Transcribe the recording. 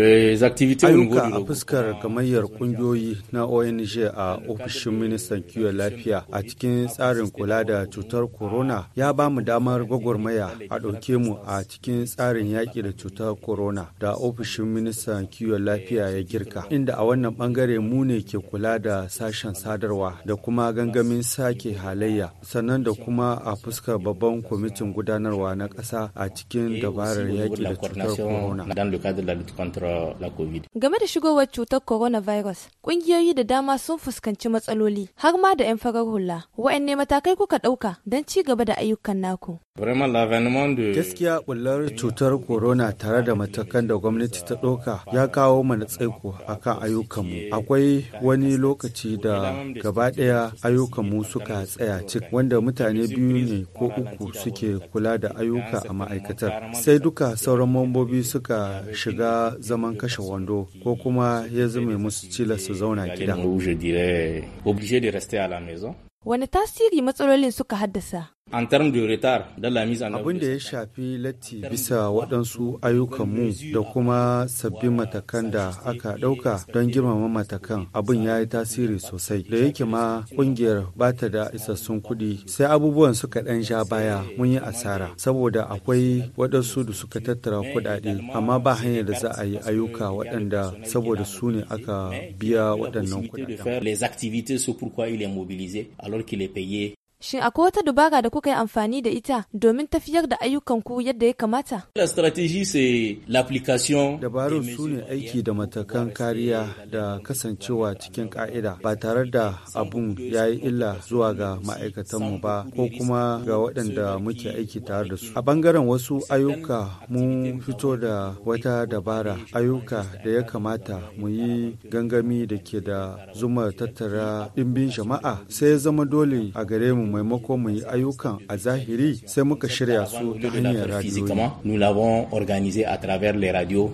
ayyuka a fuskar gamayyar kungiyoyi na ong a ofishin ministan kiwon lafiya a cikin tsarin kula da cutar corona ya ba mu damar gwagwarmaya a ɗauke mu a cikin tsarin yaƙi da cutar corona da ofishin ministan kiwon lafiya ya girka inda a wannan bangare mu ne ke kula da sashen sadarwa da kuma gangamin sake halayya sannan da kuma a fuskar babban kwamitin gudanarwa na ƙasa a cikin dabarar yaƙi da cutar corona la covid game da shigowar cutar coronavirus kungiyoyi da dama sun fuskanci matsaloli har ma da 'yan farar hula wa'anne matakai kuka ɗauka don ci gaba da ayyukan naku gaskiya bullar cutar corona tare da matakan da gwamnati ta ɗauka ya kawo mana tsaiko akan ayyukanmu akwai wani lokaci da gaba ɗaya ayyukanmu suka tsaya cik wanda mutane biyu ne ko uku suke kula da ayyuka a ma'aikatar sai duka sauran mambobi suka shiga zama zaman kashe wando ko kuma ya zame musu cila su zauna gida. Wani tasiri matsalolin suka haddasa? Abin da ya shafi latti bisa waɗansu ayyukanmu da kuma sabbin matakan da aka ɗauka don girmama matakan abin ya yi tasiri sosai. Da yake ma ƙungiyar ba ta da isassun kuɗi sai abubuwan suka ɗan sha baya mun yi asara saboda akwai waɗansu da suka tattara kuɗaɗe amma ba hanyar da za a yi ayyuka waɗanda saboda su ne aka biya waɗannan kuɗaɗen. Shin akwai wata dubara da kuka yi amfani da ita domin tafiyar da ayyukanku yadda ya kamata? Dabarun su ne aiki da matakan kariya da kasancewa cikin ka'ida ba tare da abun ya yi illa zuwa ga ma'aikatanmu ba ko kuma ga waɗanda muke aiki tare da su. A bangaren wasu ayyuka mun fito da wata dabara ayyuka da ya kamata mu yi gangami da ke da zuma tattara ɗimbin jama'a sai zama dole a gare mu maimako mu yi ayyukan a zahiri sai muka shirya su ta hanyar radiyo. Nous l'avons organisé à travers les radios.